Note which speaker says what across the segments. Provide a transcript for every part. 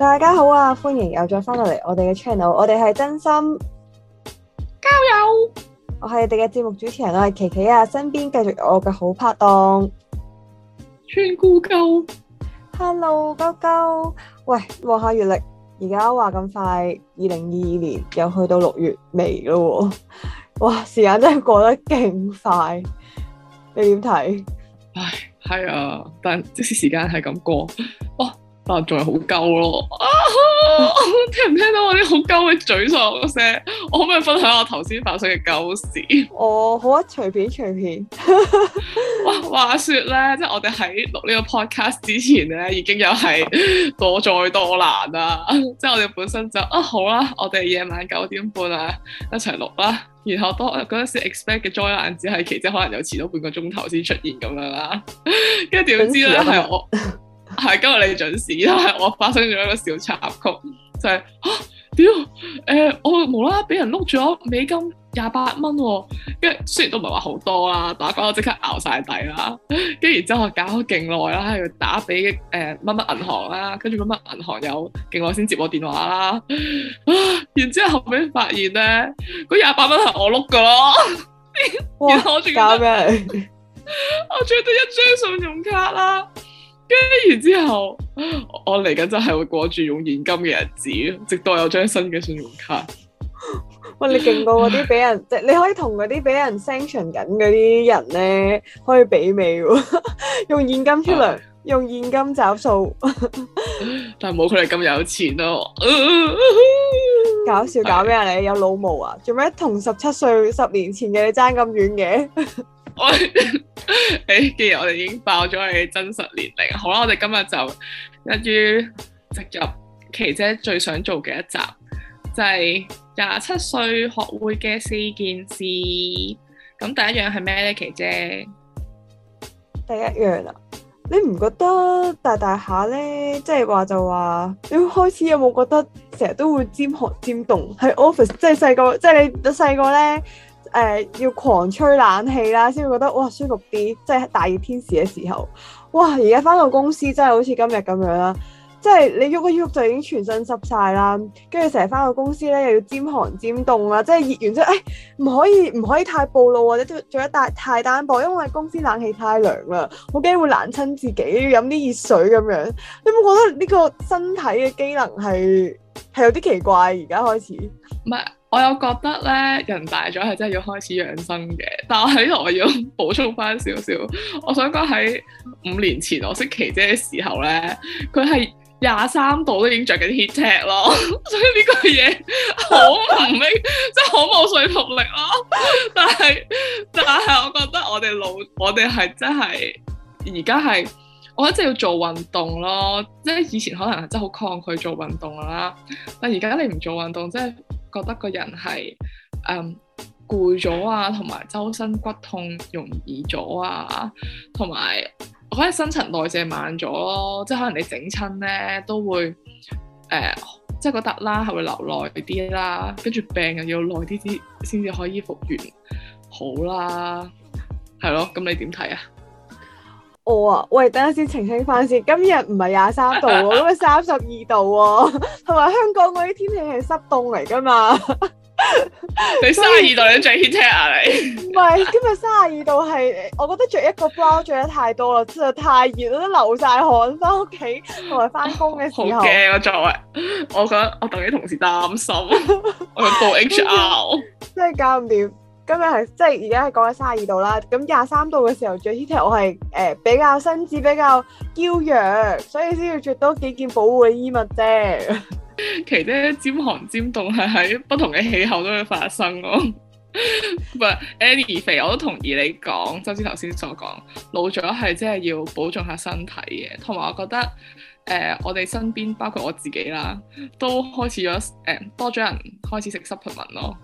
Speaker 1: 大家好啊！歡迎又再翻落嚟我哋嘅 channel，我哋係真心交友。加油，我係你哋嘅節目主持人啊，我係琪琪啊，身邊繼續有我嘅好拍檔。串姑狗，Hello，狗狗，喂，望下月曆，而家話咁快，二零二二年又去到六月尾咯，哇，時間真係過得勁快，你點睇？
Speaker 2: 唉，係啊，但即使時間係咁過，哇！但係仲係好鳩咯，啊！啊啊聽唔聽到我啲好鳩嘅沮喪嘅聲？我可唔可以分享我頭先發生嘅鳩事？
Speaker 1: 哦，好啊，隨便隨便。
Speaker 2: 話話說咧，即係我哋喺錄呢個 podcast 之前咧，已經又係多災多難啊！即係我哋本身就啊好啦，我哋夜晚九點半啊一齊錄啦。然後當嗰陣時 expect 嘅災難只係其中可能有遲到半個鐘頭先出現咁樣啦。跟住點知咧係、啊、我。係今日你準時啦。我發生咗一個小插曲，就係、是、啊，屌誒、呃，我無啦啦俾人碌咗美金廿八蚊，跟住雖然都唔係話好多啦，打關我即刻咬晒底啦，跟住然之後搞咗勁耐啦，要打俾誒乜乜銀行啦，跟住乜乜銀行有勁耐先接我電話啦，啊！然之後後尾發現咧，嗰廿八蚊係我碌噶咯，哇 然後我仲交俾人， 我仲得一張信用卡啦。跟住之後，我嚟緊真係會過住用現金嘅日子，直到有張新嘅信用卡。
Speaker 1: 喂，你勁過嗰啲俾人，即係 你可以同嗰啲俾人 sanction 緊嗰啲人咧，可以媲美喎。用現金出糧， 用現金找數，
Speaker 2: 但係冇佢哋咁有錢咯。
Speaker 1: 搞笑搞咩啊的你？有老毛啊？做咩同十七歲十年前嘅你爭咁遠嘅？
Speaker 2: 誒， 既然我哋已經爆咗你真實年齡，好啦，我哋今日就一於直入琪姐最想做嘅一集，就係廿七歲學會嘅四件事。咁第一樣係咩咧？琪姐第
Speaker 1: 一樣啊，你唔覺得大大下咧，即係話就話、是，你開始有冇覺得成日都會尖學尖動喺 office？即係細個，即係、就是就是、你細個咧。誒、呃、要狂吹冷氣啦，先會覺得哇舒服啲，即係大熱天時嘅時候。哇！而家翻到公司真係好似今日咁樣啦，即係你喐一喐就已經全身濕晒啦，跟住成日翻到公司咧又要尖寒尖凍啦，即係熱完之後，誒，唔可以唔可以太暴露或者都做得太太單薄，因為公司冷氣太涼啦，好驚會冷親自己，要飲啲熱水咁樣。你有冇覺得呢個身體嘅機能係係有啲奇怪？而家開始唔
Speaker 2: 係。我又覺得咧人大咗係真係要開始養生嘅，但我喺度我要補充翻少少，我想講喺五年前我識琦姐嘅時候咧，佢係廿三度都已經着緊 heattech 咯， 所以呢個嘢好唔明，真係好冇說服力咯。但係但係我覺得我哋老我哋係真係而家係我一直要做運動咯，即係以前可能係真係好抗拒做運動啦，但係而家你唔做運動即係。覺得個人係誒攰咗啊，同埋周身骨痛、容易咗啊，同埋可能新陳代謝慢咗咯，即係可能你整親咧都會誒、呃，即係覺得啦，係會留耐啲啦，跟住病又要耐啲啲先至可以復原好啦，係咯，咁你點睇啊？
Speaker 1: 我、哦、啊，喂，等下先澄清翻先，今日唔係廿三度，今日三十二度喎、啊，同埋香港嗰啲天氣係濕凍嚟噶嘛？
Speaker 2: 你三十二度你着 heat 貼啊你？
Speaker 1: 唔係，今日三十二度係，我覺得着一個 bra 着得太多啦，真係太熱啦，都流晒汗，翻屋企同埋翻工嘅時候。好驚啊，
Speaker 2: 作為，我覺得我等啲同事擔心，我要做 HR，
Speaker 1: 真係搞唔掂。今日係即係而家係講緊卅二度啦，咁廿三度嘅時候著 T 恤，我係誒比較身子比較嬌弱，所以先要着多幾件保護嘅衣物啫。
Speaker 2: 其實，尖寒尖凍係喺不同嘅氣候都會發生咯。唔係，Andy 肥，我都同意你講，就似頭先所講，老咗係即係要保重下身體嘅，同埋我覺得誒、呃，我哋身邊包括我自己啦，都開始咗誒、呃、多咗人開始食 supplement 咯。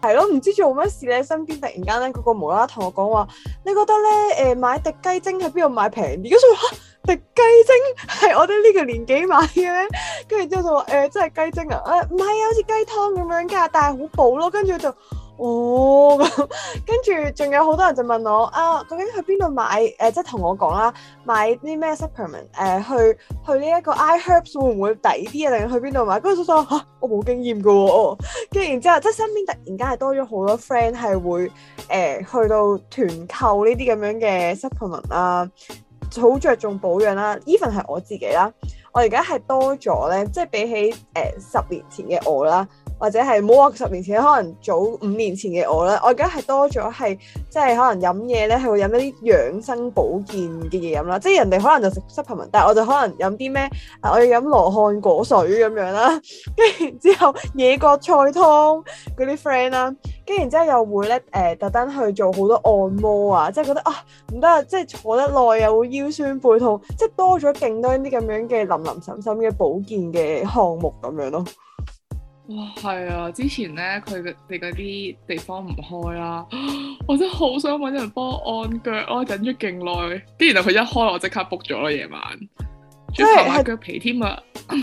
Speaker 1: 係咯，唔知做乜事咧，身邊突然間咧，嗰個無啦啦同我講話，你覺得咧誒、呃、買滴雞精喺邊度買平啲？咁就話滴雞精係我哋呢個年紀買嘅咩？跟住之後就話誒，即係雞精啊，誒唔係啊，好似雞湯咁樣嘅，但係好補咯。跟住就。哦，跟住仲有好多人就問我啊，究竟去邊度買？誒、呃，即係同我講啦，買啲咩 supplement？誒，去去呢一個 iHerb 會唔會抵啲啊？定去邊度買？跟住就話嚇，我冇經驗嘅喎。跟住然之後，即係身邊突然間係多咗好多 friend 係會誒、呃、去到團購呢啲咁樣嘅 supplement 啊，好着重保養啦。Even 係我自己啦，我而家係多咗咧，即係比起誒十、呃、年前嘅我啦。或者係冇話十年前，可能早五年前嘅我咧，我而家係多咗係即係可能飲嘢咧，係會飲一啲養生保健嘅嘢飲啦。即係人哋可能就食 supplement，但係我就可能飲啲咩啊？我要飲羅漢果水咁樣啦、啊，跟住之後野葛菜湯嗰啲 friend 啦，跟住然之後又會咧誒、呃、特登去做好多按摩啊，即係覺得啊唔得啊，即係坐得耐又會腰酸背痛，即係多咗勁多一啲咁樣嘅淋淋沈沈嘅保健嘅項目咁樣咯、啊。
Speaker 2: 哇，係啊！之前咧，佢哋嗰啲地方唔開啦、啊，我真係好想搵人幫按腳，我、啊、忍咗勁耐。跟住然後佢一開，我即刻 book 咗啦夜晚，
Speaker 1: 仲搽埋腳皮添啊！係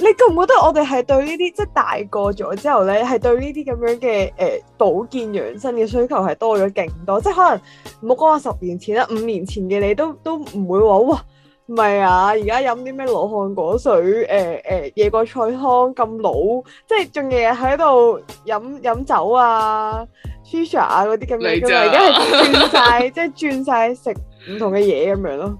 Speaker 1: 你覺唔覺得我哋係對呢啲即係大個咗之後咧，係對呢啲咁樣嘅誒保健養生嘅需求係多咗勁多？即、就、係、是、可能唔好講話十年前啦，五年前嘅你都都唔會話哇。唔係啊，而家飲啲咩羅漢果水，誒誒野葛菜湯咁老，即係仲日日喺度飲飲酒啊，tia 啊嗰啲咁樣就嘛，而家係轉晒，即係轉晒食唔同嘅嘢咁樣咯，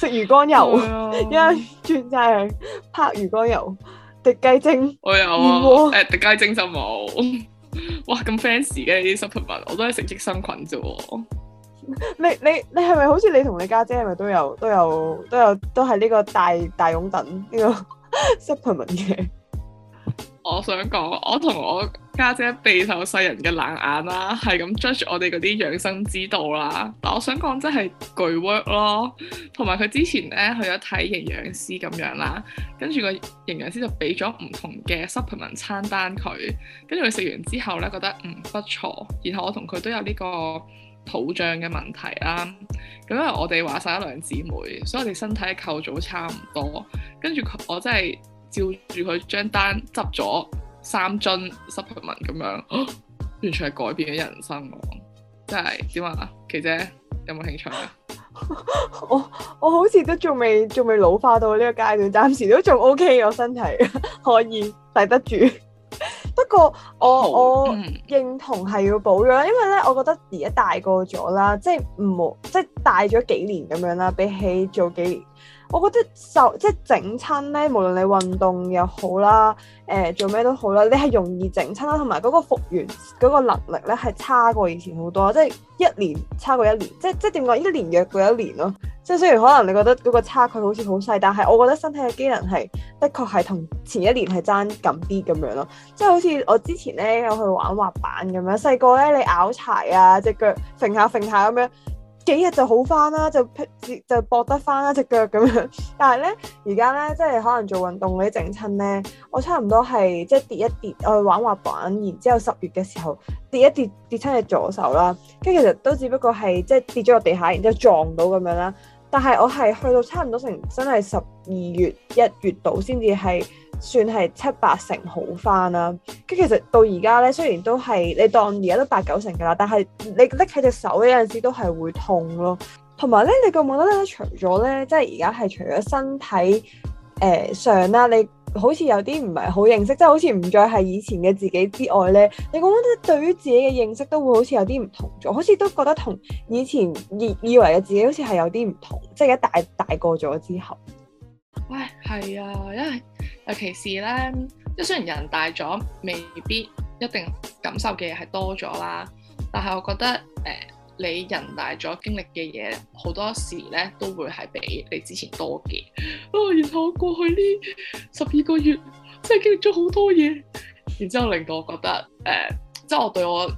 Speaker 1: 食魚肝油，而家、哎、呀轉晒拍魚肝油，滴雞精，哎、呀母我有啊，
Speaker 2: 滴雞精就冇？ 哇，咁 fancy 嘅 supplement，p 我都係食益生菌啫喎。
Speaker 1: 你你是是你係咪好似你同你家姐係咪都有都有都有都係呢個大大擁躉呢個 supplement 嘅？
Speaker 2: 我想講，我同我家姐備受世人嘅冷眼啦，係咁 judge 我哋嗰啲養生之道啦。但我想講真係巨 work 咯，同埋佢之前咧去咗睇營養師咁樣啦，跟住個營養師就俾咗唔同嘅 supplement 餐單佢，跟住佢食完之後咧覺得唔不錯，然後我同佢都有呢、這個。土象嘅問題啦、啊，咁因為我哋話曬兩姊妹，所以我哋身體構造差唔多，跟住我真係照住佢張單執咗三樽 Supplement 咁樣，完全係改變咗人生喎、啊！真係點啊，琪姐有冇興趣啊？ 我
Speaker 1: 我好似都仲未仲未老化到呢個階段，暫時都仲 OK，我身體 可以抵得住。 不過，我我認同係要保養，因為呢，我覺得而家大個咗啦，即係唔好，即係大咗幾年咁樣啦，比起做幾年。我覺得就即係整親咧，無論你運動又好啦，誒、呃、做咩都好啦，你係容易整親啦，同埋嗰個復原嗰個能力咧係差過以前好多，即係一年差過一年，即即點講？一年弱過一年咯，即雖然可能你覺得嗰個差距好似好細，但係我覺得身體嘅機能係的確係同前一年係爭近啲咁樣咯，即係好似我之前咧有去玩滑板咁樣，細個咧，你拗柴啊隻腳揈下揈下咁樣。幾日就好翻啦，就自就搏得翻一隻腳咁樣。但係咧，而家咧即係可能做運動嗰啲整親咧，我差唔多係即係跌一跌，我去玩滑板，然之後十月嘅時候跌一跌跌親隻左手啦。跟住其實都只不過係即係跌咗個地下，然之後撞到咁樣啦。但係我係去到差唔多成真係十二月一月度先至係。算係七八成好翻啦，咁其實到而家咧，雖然都係你當而家都八九成噶啦，但係你拎起隻手有陣時都係會痛咯。同埋咧，你覺唔覺得咧，除咗咧，即係而家係除咗身體誒、呃、上啦，你好似有啲唔係好認識，即係好似唔再係以前嘅自己之外咧，你覺得對於自己嘅認識都會好似有啲唔同咗，好似都覺得同以前以以為嘅自己好似係有啲唔同，即係一大大個咗之後。
Speaker 2: 唉，係、哎、啊，因為尤其是咧，即係雖然人大咗，未必一定感受嘅嘢係多咗啦，但係我覺得誒、呃，你人大咗經歷嘅嘢，好多時咧都會係比你之前多嘅。哦、啊，然後我過去呢十二個月即係經歷咗好多嘢，然之後令到我覺得誒，即、呃、係我對我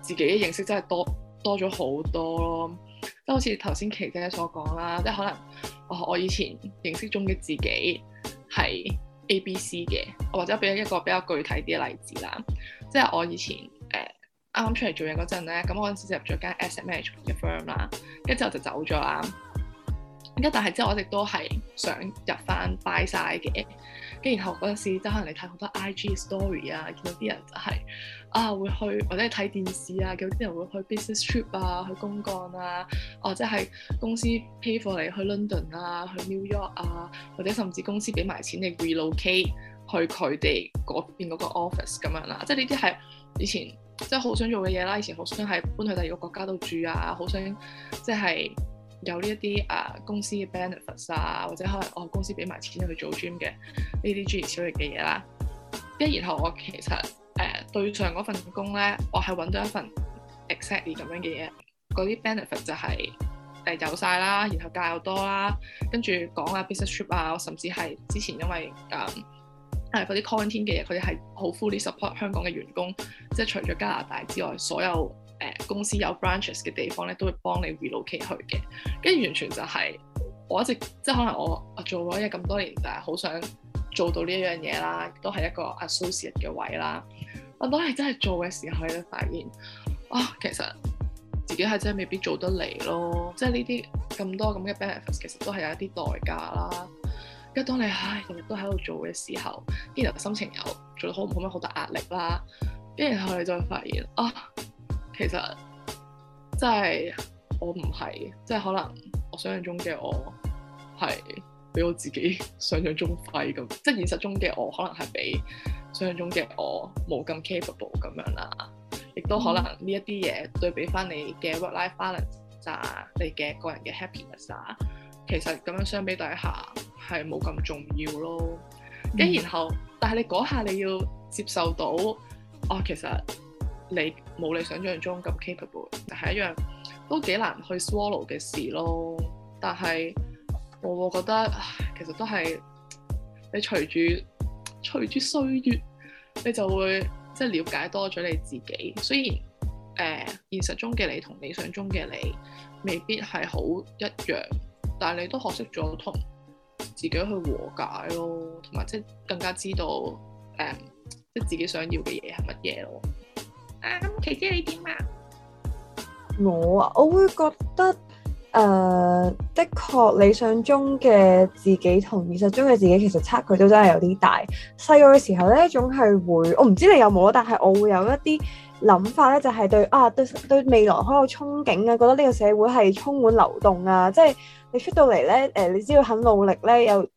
Speaker 2: 自己嘅認識真係多多咗好多咯。即好似頭先琪姐所講啦，即係可能，我以前認識中嘅自己係 A、B、C 嘅，或者俾一個比較具體啲嘅例子啦，即係我以前誒啱、呃、出嚟做嘢嗰陣咧，咁我嗰陣時入咗間 asset management 嘅 firm 啦，跟住之後就走咗啦，咁但係之後我一直都係想入翻 buy side 嘅。跟然後嗰陣時，即可能嚟睇好多 IG story 啊，見到啲人就係啊會去或者係睇電視啊，見到啲人會去 business trip 啊，去公幹啊，哦即係公司 pay for 你去 London 啊，去 New York 啊，或者甚至公司俾埋錢你 relocate 去佢哋嗰邊嗰個 office 咁樣啦，即係呢啲係以前即係好想做嘅嘢啦，以前好想係搬去第二個國家度住啊，好想即係。有呢一啲誒公司嘅 benefits 啊，或者可能我公司俾埋錢去做 gym 嘅呢啲專業小嘅嘅嘢啦。跟住然後我其實誒、啊、對上嗰份工咧，我係揾咗一份 exactly 咁樣嘅嘢，嗰啲 benefit 就係、是、誒、啊、有晒啦，然後教多啦，跟、啊、住講啊 business trip 啊，甚至係之前因為誒誒嗰啲 quarantine 嘅嘢，佢哋係好 fully support 香港嘅員工，即係除咗加拿大之外所有。誒公司有 branches 嘅地方咧，都會幫你 relocate 去嘅。跟住完全就係我一直即係可能我做咗嘢咁多年，就係好想做到呢一樣嘢啦，都係一個 associate 嘅位啦。當你真係做嘅時候你咧，發現啊，其實自己係真係未必做得嚟咯。即係呢啲咁多咁嘅 benefits，其實都係有一啲代價啦。跟住當你唉日、哎、都喺度做嘅時候，變咗心情又做得好唔好咩，好大壓力啦。跟住然後你就會發現啊～其實即係我唔係即係可能我想象中嘅我係比我自己想象中廢咁，即係現實中嘅我可能係比想象中嘅我冇咁 capable 咁樣啦。亦都可能呢一啲嘢對比翻你嘅 work-life balance 啊，你嘅個人嘅 happiness 啊，其實咁樣相比底下係冇咁重要咯。咁、
Speaker 1: mm. 然
Speaker 2: 後，但係你嗰下你要接受到，哦，其實你，冇你想象中咁 capable，就係一樣都幾難去 swallow 嘅事咯。但係我覺得其實都係你隨住隨住歲月，你就會即係了解多咗你自己。雖然誒、呃、現實中嘅你同理想中嘅你未必係好一樣，但係你都學識咗同自己去和解咯，同埋即係更加知道誒、呃、即係自己想要嘅嘢係乜嘢咯。
Speaker 1: 啊！咁其次你點啊？我啊，我會覺得誒、呃，的確理想中嘅自己同現實中嘅自己，其實差距都真係有啲大。細個嘅時候咧，總係會我唔知你有冇，但係我會有一啲諗法咧，就係、是、對啊，對對未來好有憧憬啊，覺得呢個社會係充滿流動啊，即、就、係、是、你出到嚟咧，誒、呃，你知道肯努力咧，又。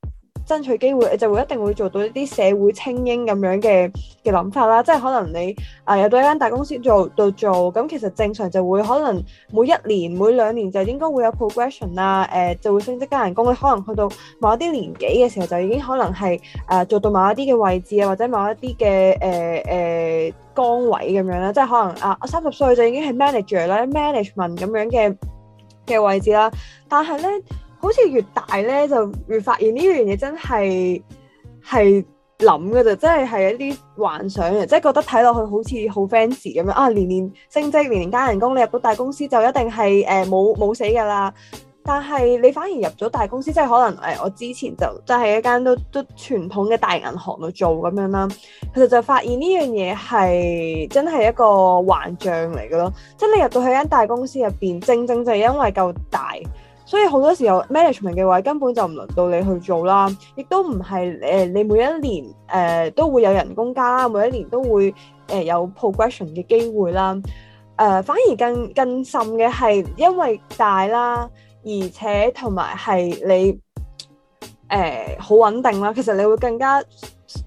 Speaker 1: 爭取機會，你就會一定會做到一啲社會菁英咁樣嘅嘅諗法啦。即係可能你啊、呃，入到一間大公司做到做，咁其實正常就會可能每一年、每兩年就應該會有 progression 啦、呃。誒，就會升職加人工。你可能去到某一啲年紀嘅時候，就已經可能係誒、呃、做到某一啲嘅位置啊，或者某一啲嘅誒誒崗位咁樣啦。即係可能啊，三十歲就已經係 manager 啦 management 咁樣嘅嘅位置啦。但係咧，好似越大咧，就越發現呢樣嘢真係係諗嘅，就真係係一啲幻想嘅，即係覺得睇落去好似好 fancy 咁樣啊！年年升職，年年加人工，你入到大公司就一定係誒冇冇死噶啦。但係你反而入咗大公司，即係可能誒、哎，我之前就就喺、係、一間都都傳統嘅大銀行度做咁樣啦。其實就發現呢樣嘢係真係一個幻象嚟嘅咯，即係你入到去間大公司入邊，正正就係因為夠大。所以好多時候，management 嘅位根本就唔輪到你去做啦，亦都唔係誒你每一年誒、呃、都會有人工加啦，每一年都會誒、呃、有 progression 嘅機會啦。誒、呃、反而更更甚嘅係因為大啦，而且同埋係你誒好、呃、穩定啦。其實你會更加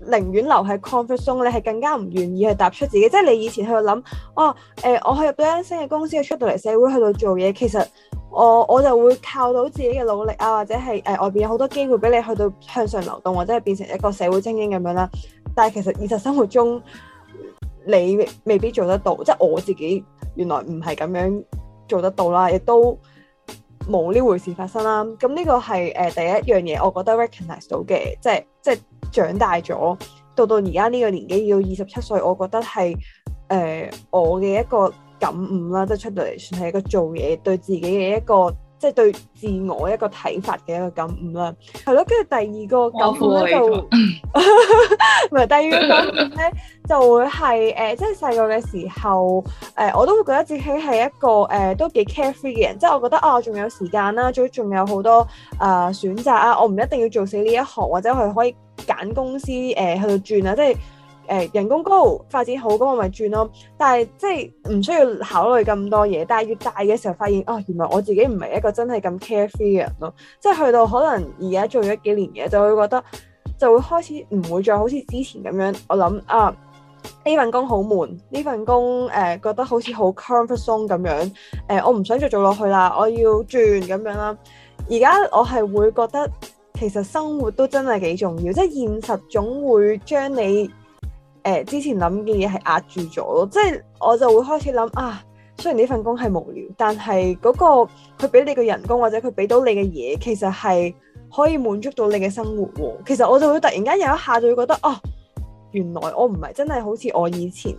Speaker 1: 寧願留喺 comfort zone，你係更加唔願意去踏出自己。即係你以前去度諗哦，誒、呃、我係入到一間新嘅公司，出到嚟社會去度做嘢，其實。我我就會靠到自己嘅努力啊，或者係誒外邊有好多機會俾你去到向上流動，或者係變成一個社會精英咁樣啦。但係其實現實生活中，你未必做得到，即係我自己原來唔係咁樣做得到啦，亦都冇呢回事發生啦。咁、啊、呢個係誒、呃、第一樣嘢，我覺得 recognize 到嘅，即係即係長大咗，到到而家呢個年紀要二十七歲，我覺得係誒、呃、我嘅一個。感悟啦，即係出到嚟算係一個做嘢對自己嘅一個，即係對自我一個睇法嘅一個感悟啦。係咯，跟住第二個感悟咧就唔係， 第二個感悟咧就會係誒，即係細個嘅時候誒、呃，我都會覺得自己係一個誒、呃、都幾 carefree 嘅人，即係我覺得啊，仲、哦、有時間啦，仲仲有好多啊、呃、選擇啊，我唔一定要做死呢一行，或者係可以揀公司誒、呃、去轉啊，即係。誒人工高發展好咁，我咪轉咯。但係即係唔需要考慮咁多嘢。但係越大嘅時候，發現啊、哦，原來我自己唔係一個真係咁 carefree 嘅人咯。即係去到可能而家做咗幾年嘢，就會覺得就會開始唔會再好似之前咁樣。我諗啊，呢份工好悶，呢份工誒、呃、覺得好似好 comfort zone 咁樣誒、呃，我唔想再做落去啦，我要轉咁樣啦。而家我係會覺得其實生活都真係幾重要，即係現實總會將你。誒、呃、之前諗嘅嘢係壓住咗咯，即係我就會開始諗啊。雖然呢份工係無聊，但係嗰、那個佢俾你嘅人工或者佢俾到你嘅嘢，其實係可以滿足到你嘅生活喎。其實我就會突然間有一下就會覺得，哦、啊，原來我唔係真係好似我以前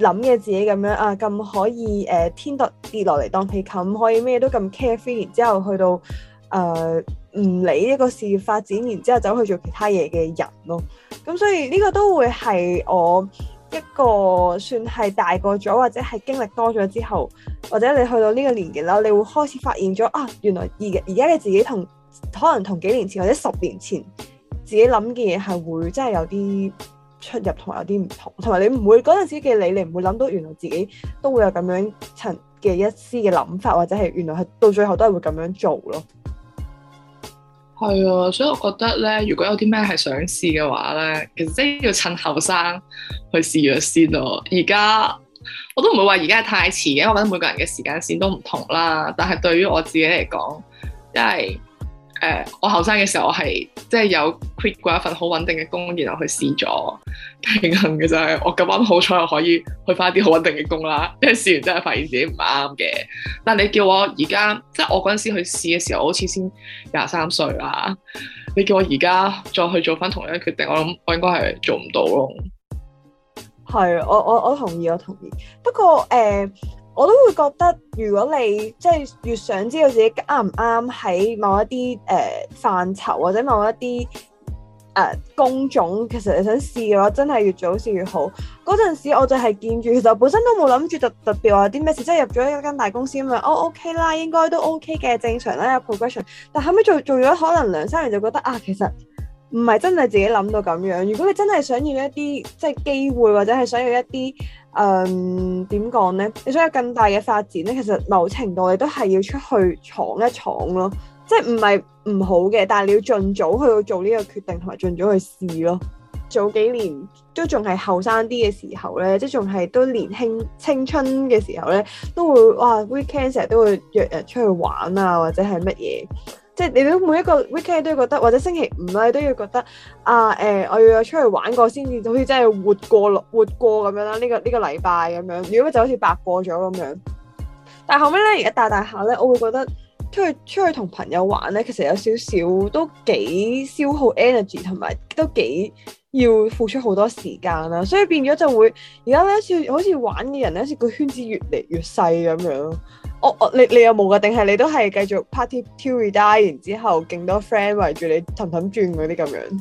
Speaker 1: 諗嘅自己咁樣啊，咁可以誒、呃、天跌落嚟當被冚，可以咩都咁 carefree，然之後去到。誒唔、uh, 理一個事業發展，然之後走去做其他嘢嘅人咯。咁所以呢個都會係我一個算係大個咗，或者係經歷多咗之後，或者你去到呢個年紀啦，你會開始發現咗啊，原來而而家你自己同可能同幾年前或者十年前自己諗嘅嘢係會真係有啲出入，同有啲唔同。同埋你唔會嗰陣時嘅你，你唔會諗到原來自己都會有咁樣層嘅一絲嘅諗法，或者係原來係到最後都係會咁樣做咯。
Speaker 2: 係啊，所以我覺得咧，如果有啲咩係想試嘅話咧，其實真係要趁後生去試咗先咯。而家我都唔會話而家係太遲嘅，我覺得每個人嘅時間線都唔同啦。但係對於我自己嚟講，因為。誒，我後生嘅時候，我係即係有 quit 過一份好穩定嘅工，然後去試咗。慶幸嘅就係我咁啱好彩我可以去翻啲好穩定嘅工啦，因為試完真係發現自己唔啱嘅。但係你叫我而家，即係我嗰陣時去試嘅時候，好似先廿三歲啦，啊。你叫我而家再去做翻同樣嘅決定，我諗我應該係做唔到咯。
Speaker 1: 係，我我我同意，我同意。不過誒。Uh 我都會覺得，如果你即係越想知道自己啱唔啱喺某一啲誒範疇，或者某一啲誒、呃、工種，其實你想試嘅話，真係越早試越好。嗰陣時我就係見住，其實本身都冇諗住特特別話啲咩事，即係入咗一間大公司咁樣，哦 OK 啦，應該都 OK 嘅，正常啦，有 progression。但後尾做做咗可能兩三年，就覺得啊，其實～唔係真係自己諗到咁樣。如果你真係想要一啲即係機會，或者係想要一啲誒點講呢？你想有更大嘅發展呢？其實某程度你都係要出去闖一闖咯。即係唔係唔好嘅，但係你要盡早去做呢個決定，同埋盡早去試咯。早幾年都仲係後生啲嘅時候呢，即仲係都年輕青春嘅時候呢，都會哇 weekend 成日都會約人出去玩啊，或者係乜嘢。即係你都每一個 weekend 都要覺得，或者星期五啦你都要覺得啊誒、欸，我要出去玩過先至，好似真係活過活過咁樣啦。呢個呢個禮拜咁樣，如果唔係就好似白過咗咁樣。但後尾咧，而家大大下咧，我會覺得出去出去同朋友玩咧，其實有少少都幾消耗 energy，同埋都幾要付出好多時間啦。所以變咗就會，而家咧好似玩嘅人咧，好似個圈子越嚟越細咁樣。我我你有你有冇噶？定係你都係繼續 party till we die 然之後勁多 friend 圍住你氹氹轉嗰啲咁樣。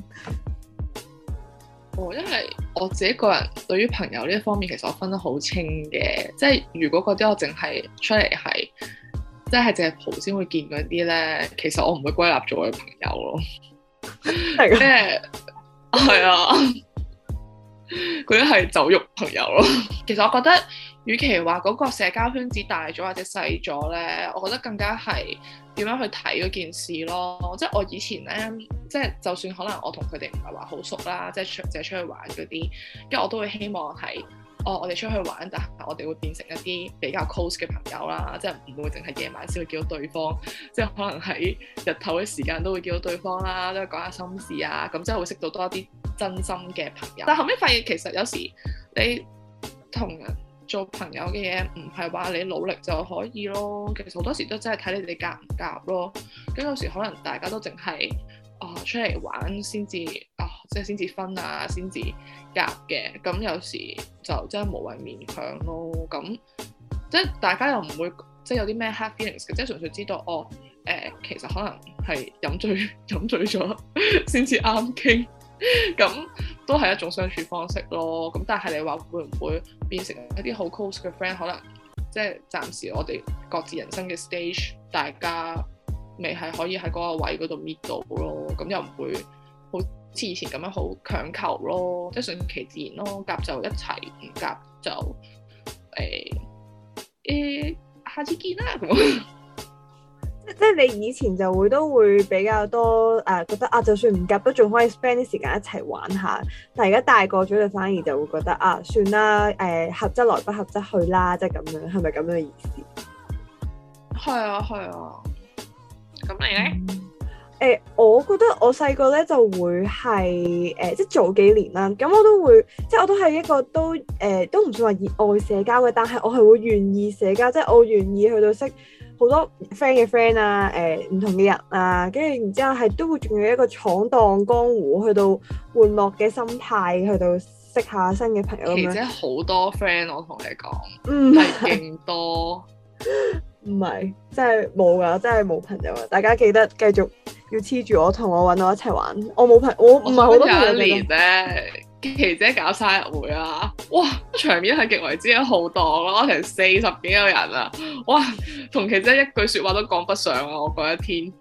Speaker 2: 哦，oh, 因為我自己個人對於朋友呢一方面，其實我分得好清嘅。即係如果嗰啲我淨係出嚟係，即係淨係蒲先會見嗰啲咧，其實我唔會歸納做我嘅朋友咯。即係係啊，嗰啲係酒肉朋友咯。其實我覺得。與其話嗰個社交圈子大咗或者細咗咧，我覺得更加係點樣去睇嗰件事咯。即係我以前咧，即係就算可能我同佢哋唔係話好熟啦，即係出就出去玩嗰啲，跟住我都會希望係，哦，我哋出去玩，但係我哋會變成一啲比較 close 嘅朋友啦，即係唔會淨係夜晚先會見到對方，即係可能喺日頭嘅時間都會見到對方啦，都係講下心事啊，咁即係會識到多啲真心嘅朋友。但後尾發現其實有時你同人做朋友嘅嘢唔係話你努力就可以咯，其實好多時都真係睇你哋夾唔夾咯。咁有時可能大家都淨係啊出嚟玩先至啊，即係先至分啊，先至夾嘅。咁有時就真係無謂勉強咯。咁即係大家又唔會即係有啲咩 hard feelings 嘅，即係純粹知道哦誒、呃，其實可能係飲醉飲醉咗先至啱傾。 咁 都係一種相處方式咯。咁但係你話會唔會變成一啲好 close 嘅 friend？可能即係暫時我哋各自人生嘅 stage，大家未係可以喺嗰個位嗰度 meet 到咯。咁又唔會好似以前咁樣好強求咯，即係順其自然咯。夾就一齊，唔夾就誒誒、欸欸、下次見啦。
Speaker 1: 即係你以前就會都會比較多誒、呃，覺得啊，就算唔夾都仲可以 spend 啲時間一齊玩一下。但係而家大個咗就反而就會覺得啊，算啦，誒、呃，合則來不合則去啦，即係咁樣，係咪咁樣嘅意思？
Speaker 2: 係啊，係啊。咁你咧？
Speaker 1: 誒、呃，我覺得我細個咧就會係誒、呃，即係早幾年啦。咁我都會，即係我都係一個都誒，都唔、呃、算話熱愛社交嘅，但係我係會願意社交，即係我願意去到識。好多 friend 嘅 friend 啊，誒、欸，唔同嘅人啊，跟住然之後係都會仲要一個闖蕩江湖，去到玩樂嘅心態，去到識下新嘅朋友樣。其實
Speaker 2: 好多 friend 我同你講，
Speaker 1: 唔係勁
Speaker 2: 多，唔
Speaker 1: 係真係冇噶，真係冇朋友。大家記得繼續要黐住我，同我揾我一齊玩。我冇朋
Speaker 2: 友，我唔係好多朋友嘅。琪姐搞曬生日會啊！哇，場面係極為之浩蕩咯，成四十幾個人啊！哇，同琪姐一句説話都講不上啊！我嗰一天，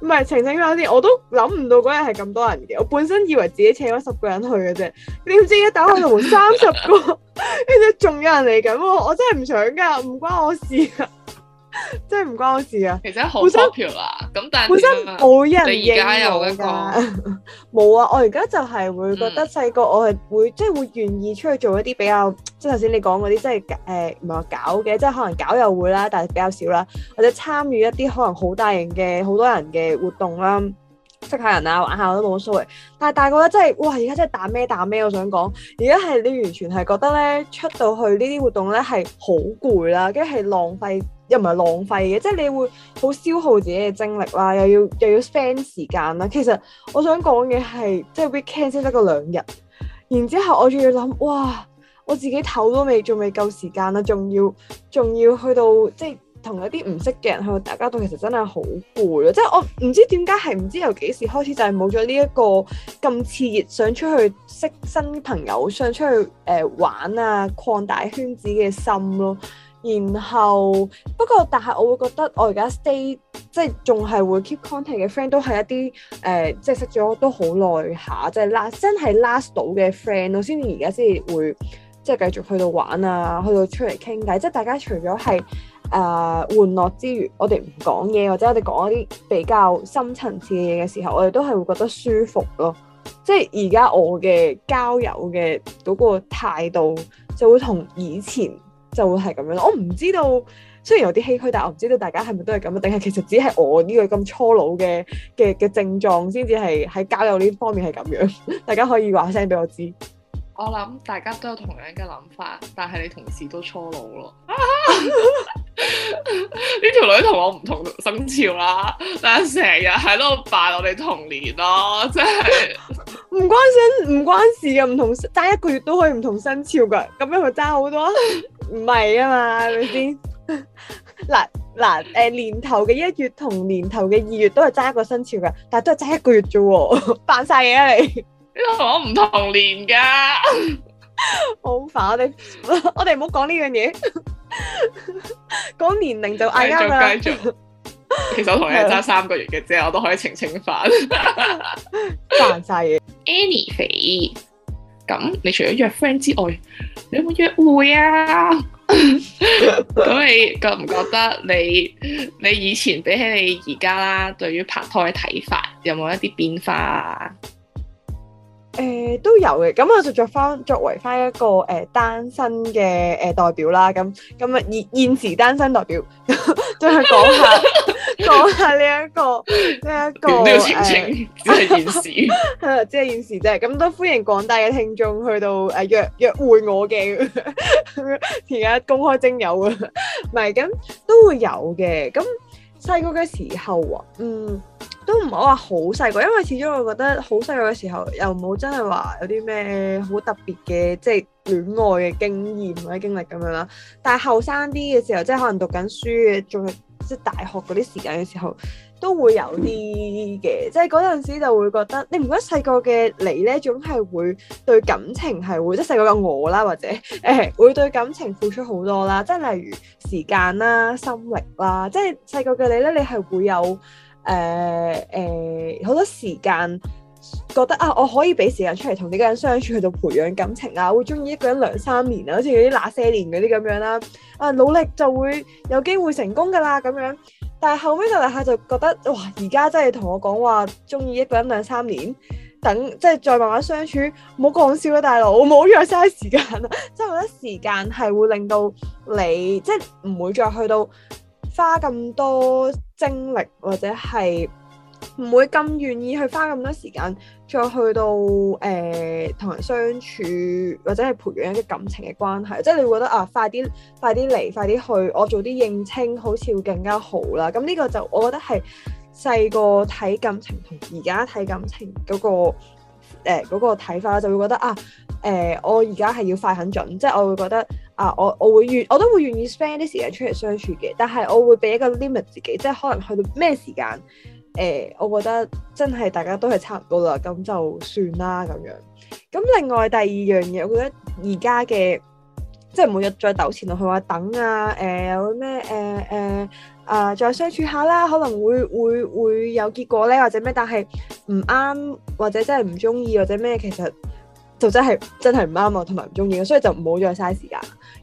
Speaker 1: 唔係澄清翻啲我都諗唔到嗰日係咁多人嘅。我本身以為自己請咗十個人去嘅啫，你知一打開就三十個，跟住仲有人嚟緊喎！我真係唔想噶，唔關我事啊！即係唔關我事啊，其
Speaker 2: 實好 popular 咁，但係本身冇人應我噶，
Speaker 1: 冇 啊。我而家就係會覺得細個我係會即係、就是、會願意出去做一啲比較，即係頭先你講嗰啲，即係誒唔係話搞嘅，即、就、係、是、可能搞又會啦，但係比較少啦。或者參與一啲可能好大型嘅好多人嘅活動啦，識下人啊，玩下我都冇乜所謂。但係大個咧、就是，真係哇，而家真係打咩打咩，我想講而家係你完全係覺得咧出到去呢啲活動咧係好攰啦，跟住係浪費。又唔係浪費嘅，即係你會好消耗自己嘅精力啦，又要又要 spend 時間啦。其實我想講嘅係，即係 weekend 先得個兩日，然之後我仲要諗，哇！我自己唞都未，仲未夠時間啦，仲要仲要去到即係同一啲唔識嘅人去打交道，其實真係好攰咯。即係我唔知點解係唔知由幾時開始就係冇咗呢一個咁熾熱想出去識新朋友、想出去誒、呃、玩啊、擴大圈子嘅心咯。然後不過，但係我會覺得我而家 stay 即係仲係會 keep contact 嘅 friend 都係一啲誒、呃，即係識咗都好耐下，即係 last 真係 last 到嘅 friend，我先至而家先至會即係繼續去到玩啊，去到出嚟傾偈。即係大家除咗係誒玩樂之餘，我哋唔講嘢，或者我哋講一啲比較深層次嘅嘢嘅時候，我哋都係會覺得舒服咯、啊。即係而家我嘅交友嘅嗰個態度就會同以前。就會係咁樣我唔知道。雖然有啲唏噓，但我唔知道大家係咪都係咁啊？定係其實只係我呢個咁初老嘅嘅嘅症狀先至係喺交友呢方面係咁樣。 大家可以話聲俾我知。
Speaker 2: 我諗大家都有同樣嘅諗法，但係你同事都初老咯。呢 條女同我唔同生肖啦，但係成日喺度扮我哋童年咯，即係
Speaker 1: 唔關事，唔關事嘅，唔同爭一個月都可以唔同生肖噶，咁樣咪爭好多？唔係啊嘛，係咪先？嗱嗱誒，年頭嘅一月同年頭嘅二月都係爭一個生肖噶，但係都係爭一個月啫喎，扮晒嘢你、啊。
Speaker 2: 你同我唔同年噶， 好煩！我哋
Speaker 1: 我哋唔好講呢樣嘢，講 年齡就嗌啦。繼續，繼續。
Speaker 2: 其實我同你爭三個月嘅啫， 我都可以澄清返。煩晒嘢。Annie 肥，咁你除咗約 friend 之外，你有冇約會啊？咁 你覺唔覺得你你以前比起你而家啦，對於拍拖嘅睇法有冇一啲變化啊？
Speaker 1: 誒，都有嘅，咁我就作翻作為翻一個誒單身嘅誒代表啦，咁咁啊現現時單身代表，即係講下講下呢一個呢一個誒，只係現時，只係現時啫，咁都歡迎廣大嘅聽眾去到誒約約會我嘅，而家公開徵友啊，唔係，咁都會有嘅，咁。細個嘅時候啊，嗯，都唔係話好細個，因為始終我覺得好細個嘅時候又冇真係話有啲咩好特別嘅，即係戀愛嘅經驗或者經歷咁樣啦。但係後生啲嘅時候，即係可能讀緊書嘅，仲係即係大學嗰啲時間嘅時候。都會有啲嘅，即係嗰陣時就會覺得，你唔覺得細個嘅你呢，總係會對感情係會，即係細個嘅我啦，或者誒、欸，會對感情付出好多啦，即係例如時間啦、心力啦，即係細個嘅你呢，你係會有誒誒好多時間。覺得啊，我可以俾時間出嚟同呢個人相處，去到培養感情啊，會中意一個人兩三年啊，好似嗰啲那些年嗰啲咁樣啦。啊，努力就會有機會成功噶啦咁樣。但係後尾就立下就覺得，哇！而家真係同我講話中意一個人兩三年，等即係再慢慢相處，唔好講笑啦、啊，大佬，我冇再嘥時間啦。即係我覺得時間係會令到你，即係唔會再去到花咁多精力或者係。唔會咁願意去花咁多時間再去到誒同、呃、人相處或者係培養一啲感情嘅關係，即係你會覺得啊，快啲快啲嚟，快啲去，我做啲認清好似會更加好啦。咁呢個就我覺得係細個睇感情同而家睇感情嗰、嗰個誒睇、呃嗰個、法，就會覺得啊誒、呃，我而家係要快狠準，即係我會覺得啊，我我會願我都會願意 spend 啲時間出嚟相處嘅，但係我會俾一個 limit 自己，即係可能去到咩時間。誒、欸，我覺得真係大家都係差唔多啦，咁就算啦咁樣。咁另外第二樣嘢，我覺得而家嘅即係每日再糾纏落去話等啊，誒、欸、有咩誒誒啊再相處下啦，可能會會會有結果咧，或者咩？但係唔啱或者真係唔中意或者咩？其實。就真係真係唔啱我，同埋唔中意我，所以就唔好再嘥時間。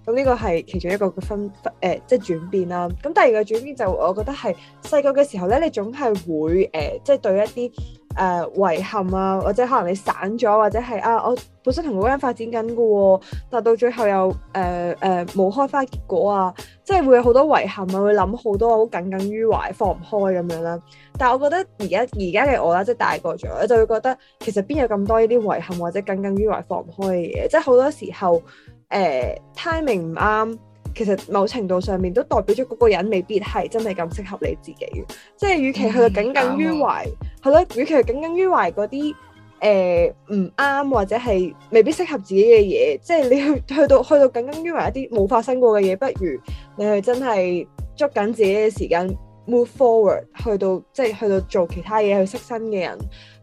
Speaker 1: 咁呢個係其中一個嘅分誒、呃，即係轉變啦。咁第二個轉變就我覺得係細個嘅時候咧，你總係會誒、呃，即係對一啲。誒、呃、遺憾啊，或者可能你散咗，或者係啊，我本身同嗰個人發展緊嘅，但到最後又誒誒冇開花結果啊，即係會有好多遺憾啊，會諗好多好耿耿於懷，放唔開咁樣啦。但係我覺得而家而家嘅我啦，即係大個咗，我就會覺得其實邊有咁多呢啲遺憾或者耿耿於懷放唔開嘅嘢，即係好多時候誒 timing 唔啱。呃其實某程度上面都代表咗嗰個人未必係真係咁適合你自己，即係與其去到耿耿於懷，係咯、嗯，與其去耿耿於懷嗰啲誒唔啱或者係未必適合自己嘅嘢，即係你去到去到去到耿耿於懷一啲冇發生過嘅嘢，不如你去真係捉緊自己嘅時間 move forward，去到即係去到做其他嘢去識新嘅人。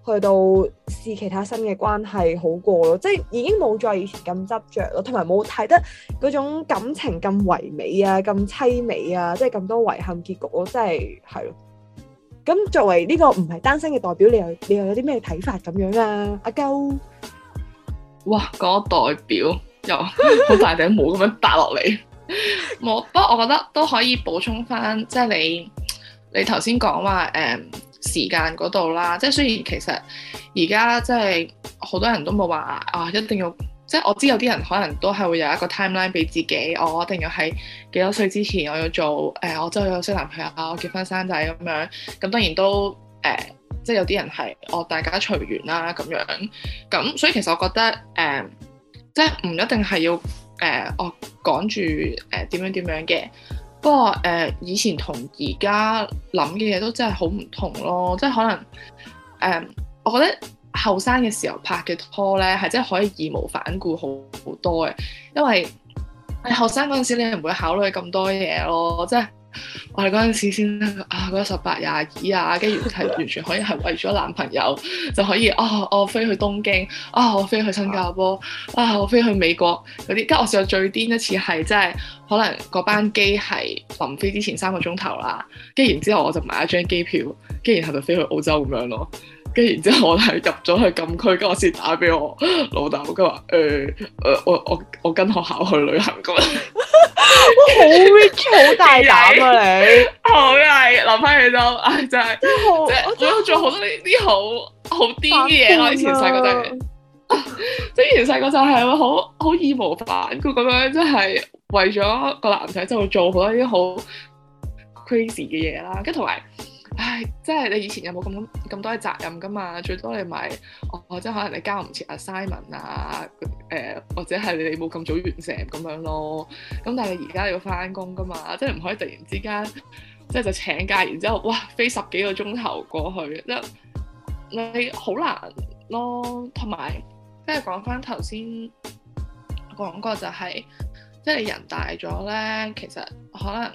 Speaker 1: 去到試其他新嘅關係好過咯，即係已經冇再以前咁執著咯，同埋冇睇得嗰種感情咁唯美啊，咁悽美啊，即係咁多遺憾結果，真係係咯。咁作為呢個唔係單身嘅代表，你又你又有啲咩睇法咁樣啊？
Speaker 2: 阿鳩，哇！講代表又好大頂帽咁樣搭落嚟，我不過我覺得都可以補充翻，即係你你頭先講話誒。時間嗰度啦，即係雖然其實而家即係好多人都冇話啊，一定要即係我知有啲人可能都係會有一個 timeline 俾自己，我一定要喺幾多歲之前我要做誒、呃，我之後有識男朋友啊，我結婚生仔咁樣，咁、嗯、當然都誒、呃，即係有啲人係我大家隨緣啦、啊、咁樣，咁、嗯、所以其實我覺得誒、呃，即係唔一定係要誒、呃、我趕住誒點樣點樣嘅。不過誒、呃，以前同而家諗嘅嘢都真係好唔同咯，即係可能誒、呃，我覺得後生嘅時候拍嘅拖咧，係真係可以義無反顧好多嘅，因為你後生嗰陣時，你唔會考慮咁多嘢咯，即係。我哋嗰陣時先啊，得嗰十八廿二啊，跟住係完全可以係為咗男朋友就可以，啊、哦、我飛去東京，啊、哦、我飛去新加坡，啊、啊我飛去美國嗰啲，跟住我上最癲一次係即係可能嗰班機係臨飛之前三個鐘頭啦，跟住然之後我就買一張機票，跟住然後就飛去澳洲咁樣咯。跟然之後，我係入咗去禁區，跟住我先打俾我老豆，跟住話：誒、呃、我我我跟學校去旅行咁。我好 risk，好大膽啊！你好啊！諗翻起就，唉，真係真係，我做好多呢啲好好癲嘅嘢，我以前細個真係，即係以前細個就係好好義無反顧。佢咁樣，即係為咗個男仔，即係做好多啲好 crazy 嘅嘢啦。跟同埋。唉，即係你以前有冇咁咁多嘅責任㗎嘛？最多你咪哦，即係可能你交唔切 assignment 啊，誒、呃、或者係你冇咁早完成咁樣咯。咁但係你而家要返工㗎嘛，即係唔可以突然之間即係就請假，然之後哇飛十幾個鐘頭過去，即係你好難咯。同埋即係講返頭先講過就係、係，即係人大咗咧，其實可能。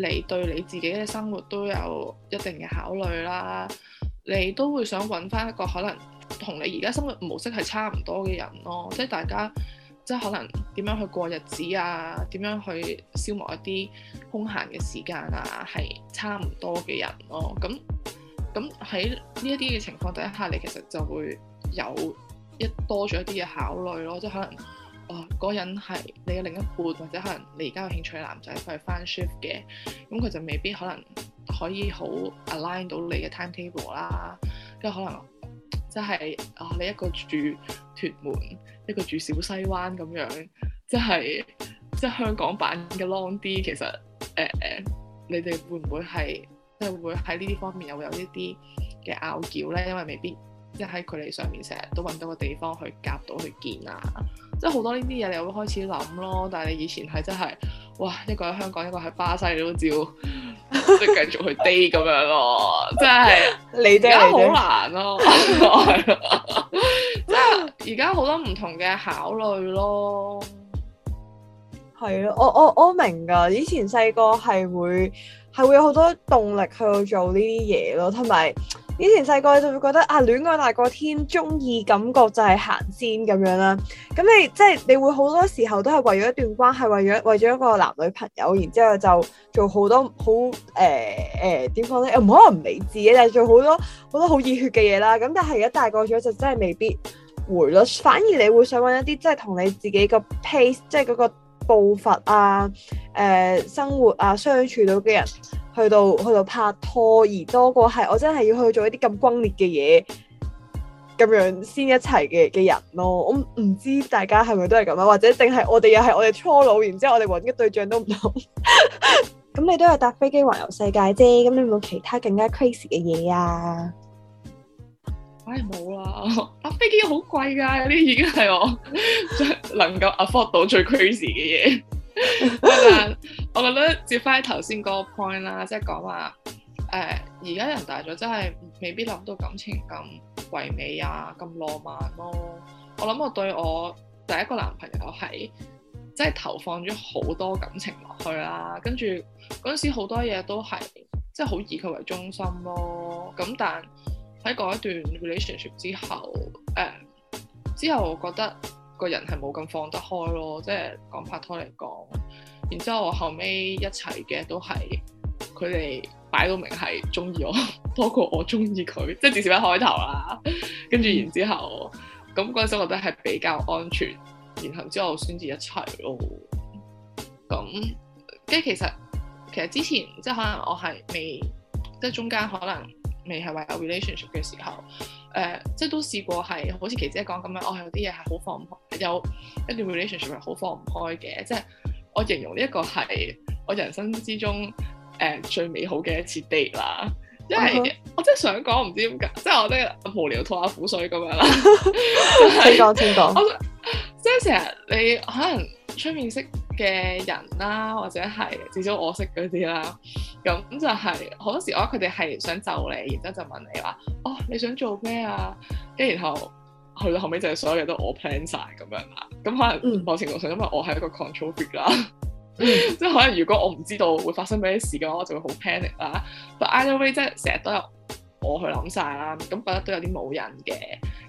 Speaker 2: 你對你自己嘅生活都有一定嘅考慮啦，你都會想揾翻一個可能同你而家生活模式係差唔多嘅人咯，即係大家即係可能點樣去過日子啊，點樣去消磨一啲空閒嘅時間啊，係差唔多嘅人咯，咁咁喺呢一啲嘅情況底下，你其實就會有一多咗一啲嘅考慮咯，即係可能。哦，嗰人係你嘅另一半，或者可能你而家有興趣男仔，佢係翻 shift 嘅，咁佢就未必可能可以好 align 到你嘅 time table 啦，跟住可能即係啊你一個住屯門，一個住小西灣咁樣，即係即係香港版嘅 long D，其實誒誒、呃，你哋會唔會係即係會喺呢啲方面又會有一啲嘅拗撬咧？因為未必。即喺佢哋上面，成日都揾到個地方去夾到去見啊！即係好多呢啲嘢，你會開始諗咯。但係你以前係真係，哇！一個喺香港，一個喺巴西，你都照，即係 繼續去 date 咁樣咯。真係，你哋的好難咯。真係，而家好多唔同嘅考慮咯。
Speaker 1: 係咯，我我我明㗎。以前細個係會。係會有好多動力去做呢啲嘢咯，同埋以前細個你就會覺得啊，戀愛大過天，中意感覺就係行先咁樣啦。咁你即係你會好多時候都係為咗一段關係，為咗為咗一個男女朋友，然之後就做好多好誒誒點講咧？又、呃、唔、呃、可能唔理智嘅，但係做好多好多好熱血嘅嘢啦。咁但係而家大個咗就真係未必會咯，反而你會想揾一啲即係同你自己個 pace，即係、那、嗰個。步伐啊，誒、呃、生活啊，相處到嘅人去到去到拍拖，而多過係我真係要去做一啲咁轟烈嘅嘢，咁樣先一齊嘅嘅人咯。我唔知大家係咪都係咁樣，或者淨係我哋又係我哋初老，然之後我哋揾嘅對象都唔同。咁 你都係搭飛機環遊世界啫，咁你有冇其他更加 crazy 嘅嘢啊？
Speaker 2: 唉，冇啦！搭、哎、飛機好貴㗎，嗰啲已經係我能夠 afford 到最 crazy 嘅嘢。 我覺得接翻頭先嗰個 point 啦，即係講話誒，而、呃、家人大咗，真係未必諗到感情咁唯美啊，咁浪漫咯、啊。我諗我對我第一個男朋友係真係投放咗好多感情落去啦、啊，跟住嗰陣時好多嘢都係即係好以佢為中心咯、啊。咁但喺嗰一段 relationship 之後，誒、嗯，之後我覺得個人係冇咁放得開咯，即係講拍拖嚟講，然之後，後我後尾一齊嘅都係，佢哋擺到明係中意我多過我中意佢，即係至少一開頭啦。跟住然之後，咁嗰陣時我覺得係比較安全。然後之後先至一齊咯。咁即係其實其實之前即係可能我係未即係中間可能。未係話有 relationship 嘅時候，誒、呃、即係都試過係好似琪姐講咁樣，我、哦、有啲嘢係好放唔開，有一段 relationship 係好放唔開嘅，即係我形容呢一個係我人生之中誒、呃、最美好嘅一次 date 啦，因為我真係想講唔知點解，即係我哋無聊吐下苦水咁樣啦。你講清楚，即係成日你可能出面識。嘅人啦，或者係至少我識嗰啲啦，咁就係、是、好多時我覺得佢哋係想就你，然之後就問你話：哦，你想做咩啊？跟然後去到後尾就係所有嘢都我 plan 晒咁樣啦。咁可能某程度上因為我係一個 control freak 啦，即係 可能如果我唔知道會發生咩事嘅話，我就會好 panic 啦、就是。But either way，即係成日都有我去諗晒啦。咁覺得都有啲冇癮嘅。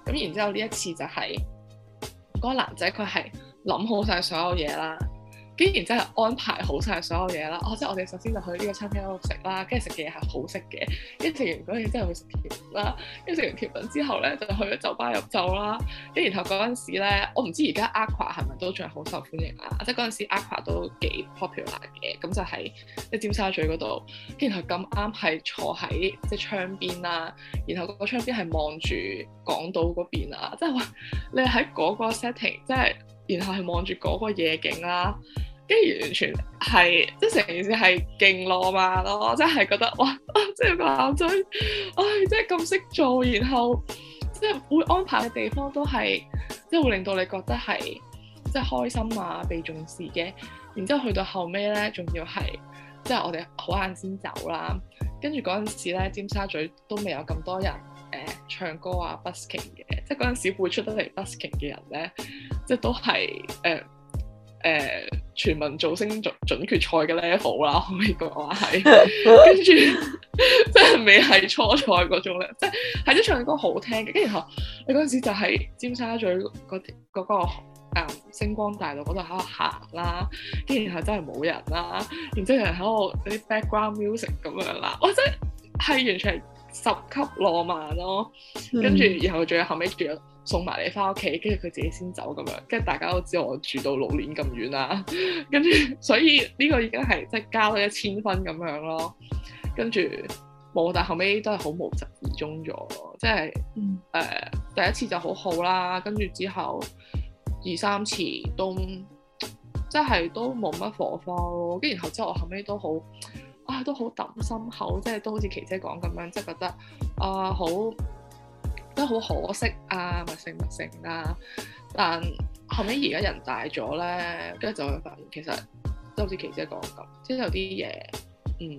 Speaker 2: 咁然之後呢一次就係、是、嗰、那個男仔佢係諗好晒所有嘢啦。然之後安排好晒所有嘢啦！哦，即係我哋首先就去呢個餐廳度食啦，跟住食嘅嘢係好食嘅。跟住食完嗰陣時，之後去食甜品啦。跟住食完甜品之後咧，就去咗酒吧入走啦。跟住然後嗰陣時咧，我唔知而家 Aqua 係咪都仲係好受歡迎啊？即係嗰陣時 Aqua 都幾 popular 嘅。咁就係即尖沙咀嗰度。跟住佢咁啱係坐喺即係窗邊啦，然後個窗邊係望住港島嗰邊啊！即係話你喺嗰個 setting，即係然後係望住嗰個夜景啦。跟住完全係即係成件事係勁浪漫咯，哎，真係覺得哇，即係男仔，唉，即係咁識做，然後即係會安排嘅地方都係即係會令到你覺得係即係開心啊，被重視嘅。然之後去到後尾咧，仲要係即係我哋好晏先走啦。跟住嗰陣時咧，尖沙咀都未有咁多人誒、呃、唱歌啊，busking 嘅。即係嗰陣時會出得嚟 busking 嘅人咧，即係都係誒誒。呃呃全民造星準準決賽嘅 level 啦，可以講話係， 跟住即係未係初賽嗰種咧，即係喺啲唱啲歌好聽嘅，跟然後你嗰陣時就係尖沙咀嗰、嗰、嗰、個誒個星光大道嗰度喺度行啦，跟住，然後真係冇人啦，然之後有人喺度啲 background music 咁樣啦，我真係完全係十級浪漫咯，嗯、跟住然後我仲有後尾仲有。送埋你翻屋企，跟住佢自己先走咁樣，跟住大家都知道我住到六年咁遠啦，跟 住所以呢個已經係即係交咗一千分咁樣咯，跟住冇，但後尾都係好無疾而終咗，即係誒、嗯呃、第一次就好好啦，跟住之後二三次都即係都冇乜火花咯，跟然後之後我後尾都好啊，都好揼心口，即係都好似琪姐講咁樣，即係覺得啊好。呃都好可惜啊，咪成乜成啦！但後尾而家人大咗咧，跟住就會發現其實，都好似琪姐講咁，即係有啲嘢，嗯，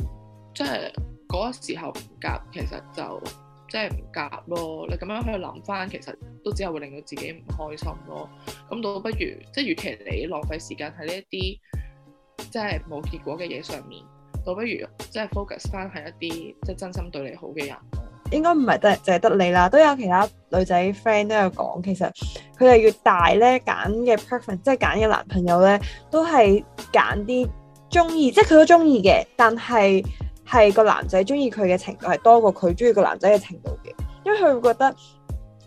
Speaker 2: 即係嗰時候唔夾，其實就即係唔夾咯。你咁樣去度諗翻，其實都只係會令到自己唔開心咯。咁倒不如，即係與其你浪費時間喺呢一啲，即係冇結果嘅嘢上面，倒不如即係 focus 翻喺一啲即係真心對你好嘅人。
Speaker 1: 應該唔係得，就係得你啦，都有其他女仔 friend 都有講。其實佢哋越大咧，揀嘅 preference，即係揀嘅男朋友咧，都係揀啲中意，即係佢都中意嘅，但係係個男仔中意佢嘅程度係多過佢中意個男仔嘅程度嘅。因為佢會覺得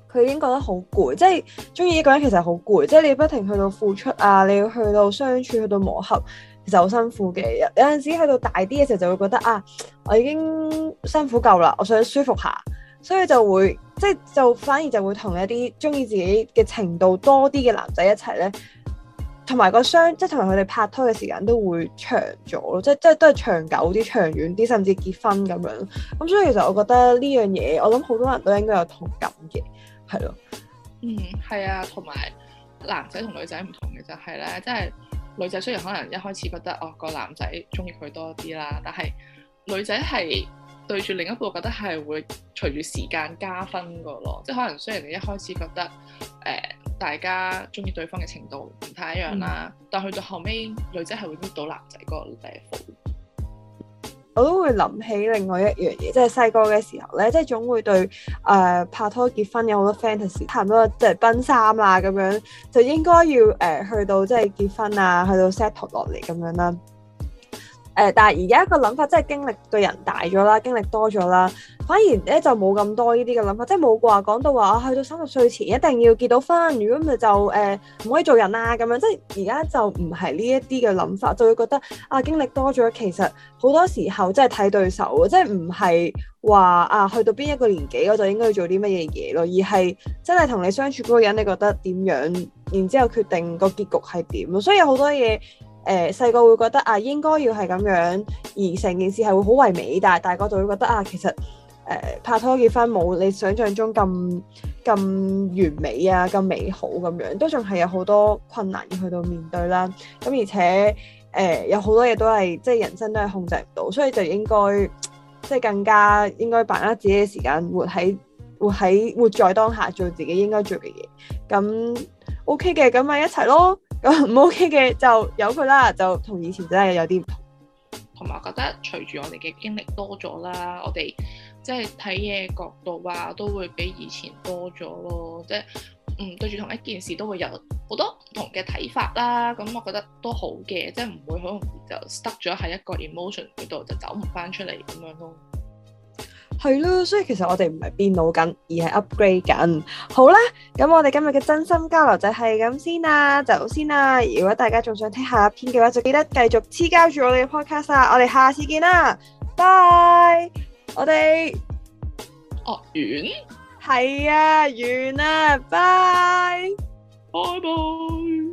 Speaker 1: 佢已經覺得好攰，即係中意一個人其實好攰，即係你要不停去到付出啊，你要去到相處去到磨合。其實好辛苦嘅，有有陣時喺度大啲嘅時候就會覺得啊，我已經辛苦夠啦，我想舒服下，所以就會即係、就是、就反而就會同一啲中意自己嘅程度多啲嘅男仔一齊咧，同埋個相，即係同埋佢哋拍拖嘅時間都會長咗咯，即係即係都係長久啲、長遠啲，甚至結婚咁樣。咁所以其實我覺得呢樣嘢，我諗好多人都應該有同感嘅，係咯，嗯，
Speaker 2: 係啊，同埋男仔同女仔唔同嘅就係咧，即係。女仔雖然可能一開始覺得哦、嗰個男仔中意佢多啲啦，但係女仔係對住另一半覺得係會隨住時間加分個咯，即係可能雖然你一開始覺得誒、呃、大家中意對方嘅程度唔太一樣啦，嗯、但去到後尾，女仔係會 reach 到男仔嗰個 level。
Speaker 1: 我都會諗起另外一樣嘢，即係細個嘅時候咧，即係總會對誒、呃、拍拖結婚有好多 fantasy，差唔多即係奔三啦咁樣，就應該要誒、呃、去到即係結婚啊，去到 settle 落嚟咁樣啦。誒、呃，但係而家個諗法即係經歷對人大咗啦，經歷多咗啦，反而咧、呃、就冇咁多呢啲嘅諗法，即係冇話講到話、啊、去到三十歲前一定要結到婚，如果唔係就誒唔、呃、可以做人啦、啊。咁樣，即係而家就唔係呢一啲嘅諗法，就會覺得啊經歷多咗，其實好多時候真係睇對手，即係唔係話啊去到邊一個年紀我就應該要做啲乜嘢嘢咯，而係真係同你相處嗰個人，你覺得點樣，然後之後決定個結局係點咯，所以好多嘢。誒，細個會覺得啊，應該要係咁樣，而成件事係會好唯美，但係大個就會覺得啊，其實誒、呃、拍拖結婚冇你想像中咁咁完美啊，咁美好咁樣，都仲係有好多困難要去到面對啦。咁而且誒、呃、有好多嘢都係即係人生都係控制唔到，所以就應該即係更加應該把握自己嘅時間，活喺活喺活在當下，做自己應該做嘅嘢。咁 OK 嘅，咁咪一齊咯～唔 OK 嘅就有佢啦，就同以前真係有啲唔同。
Speaker 2: 同埋覺得隨住我哋嘅經歷多咗啦，我哋即係睇嘢角度啊，都會比以前多咗咯。即係嗯，對住同一件事都會有好多唔同嘅睇法啦。咁我覺得都好嘅，即係唔會好容易就 stuck 咗喺一個 emotion 嗰度就走唔翻出嚟咁樣咯。
Speaker 1: 係咯，所以其實我哋唔係變老緊，而係 upgrade 緊。好啦，咁我哋今日嘅真心交流就係咁先啦、啊，就先啦、啊。如果大家仲想聽下一篇嘅話，就記得繼續黐膠住我哋嘅 podcast 啊！我哋下次見啦，拜，我哋啊完係啊，完啊，拜，
Speaker 2: 拜拜、啊。